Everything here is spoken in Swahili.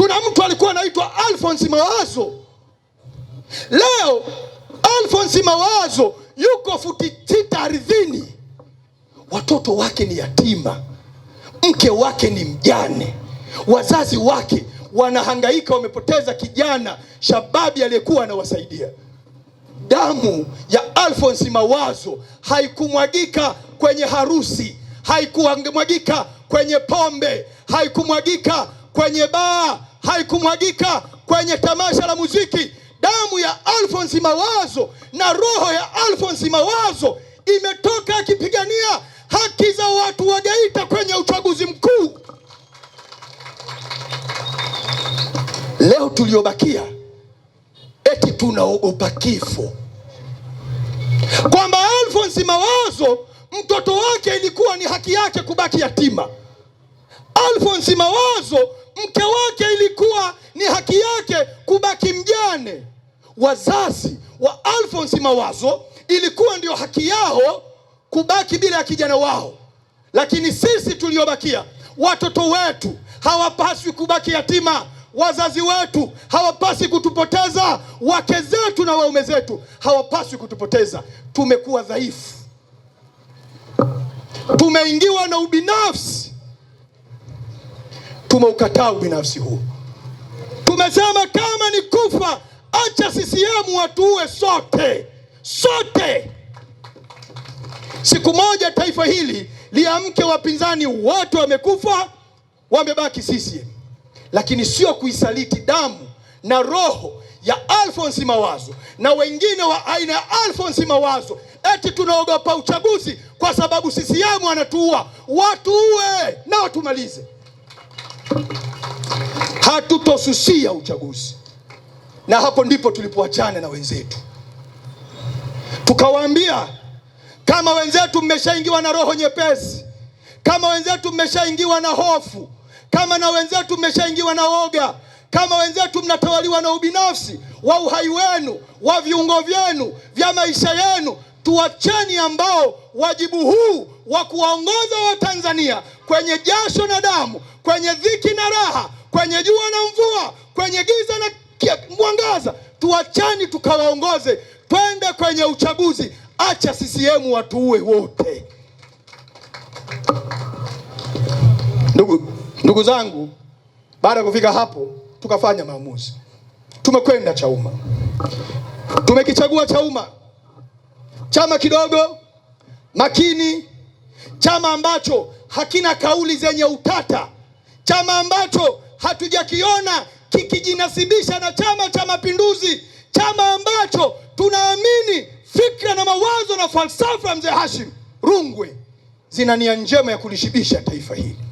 kuna mtu alikuwa anaitwa Alphonse Mawazo. Leo Alphonse Mawazo yuko futi sita ardhini, watoto wake ni yatima, mke wake ni mjane, wazazi wake wanahangaika, wamepoteza kijana shababi aliyekuwa anawasaidia. Damu ya Alphonse Mawazo haikumwagika kwenye harusi, haikumwagika kwenye pombe, haikumwagika kwenye baa, haikumwagika kwenye tamasha la muziki. Damu ya Alfonsi Mawazo na roho ya Alfonsi Mawazo imetoka akipigania haki za watu wa Geita kwenye uchaguzi mkuu. Leo tuliobakia eti tunaogopa kifo, kwamba Alfonsi Mawazo mtoto wake ilikuwa ni haki yake kubaki yatima. Alfonsi Mawazo mke wake ilikuwa ni haki yake kubaki mjane. Wazazi wa alfonsi Mawazo ilikuwa ndio haki yao kubaki bila ya kijana wao, lakini sisi tuliobakia, watoto wetu hawapaswi kubaki yatima. Wazazi wetu hawapaswi kutupoteza, wake zetu na waume zetu hawapaswi kutupoteza. Tumekuwa dhaifu, tumeingiwa na ubinafsi tumeukataa ubinafsi huu. Tumesema kama ni kufa, acha CCM watuue sote, sote. Siku moja taifa hili liamke, wapinzani wote wamekufa, wamebaki CCM, lakini sio kuisaliti damu na roho ya alfonsi Mawazo na wengine wa aina ya alfonsi Mawazo, eti tunaogopa uchaguzi kwa sababu CCM anatuua. Watuue nao tumalize hatutosusia uchaguzi. Na hapo ndipo tulipoachana na wenzetu, tukawaambia kama wenzetu mmeshaingiwa na roho nyepesi, kama wenzetu mmeshaingiwa na hofu, kama na wenzetu mmeshaingiwa na woga, kama wenzetu mnatawaliwa na ubinafsi wa uhai wenu, wa viungo vyenu, vya maisha yenu tuacheni ambao wajibu huu wa kuwaongoza Watanzania kwenye jasho na damu, kwenye dhiki na raha, kwenye jua na mvua, kwenye giza na mwangaza, tuacheni tukawaongoze, twende kwenye uchaguzi. Acha CCM watuue wote. Ndugu, ndugu zangu, baada ya kufika hapo tukafanya maamuzi. Tumekwenda Chauma, tumekichagua Chauma chama kidogo makini, chama ambacho hakina kauli zenye utata, chama ambacho hatujakiona kikijinasibisha na Chama cha Mapinduzi, chama ambacho tunaamini fikra na mawazo na falsafa mzee Hashim Rungwe zina nia njema ya kulishibisha taifa hili.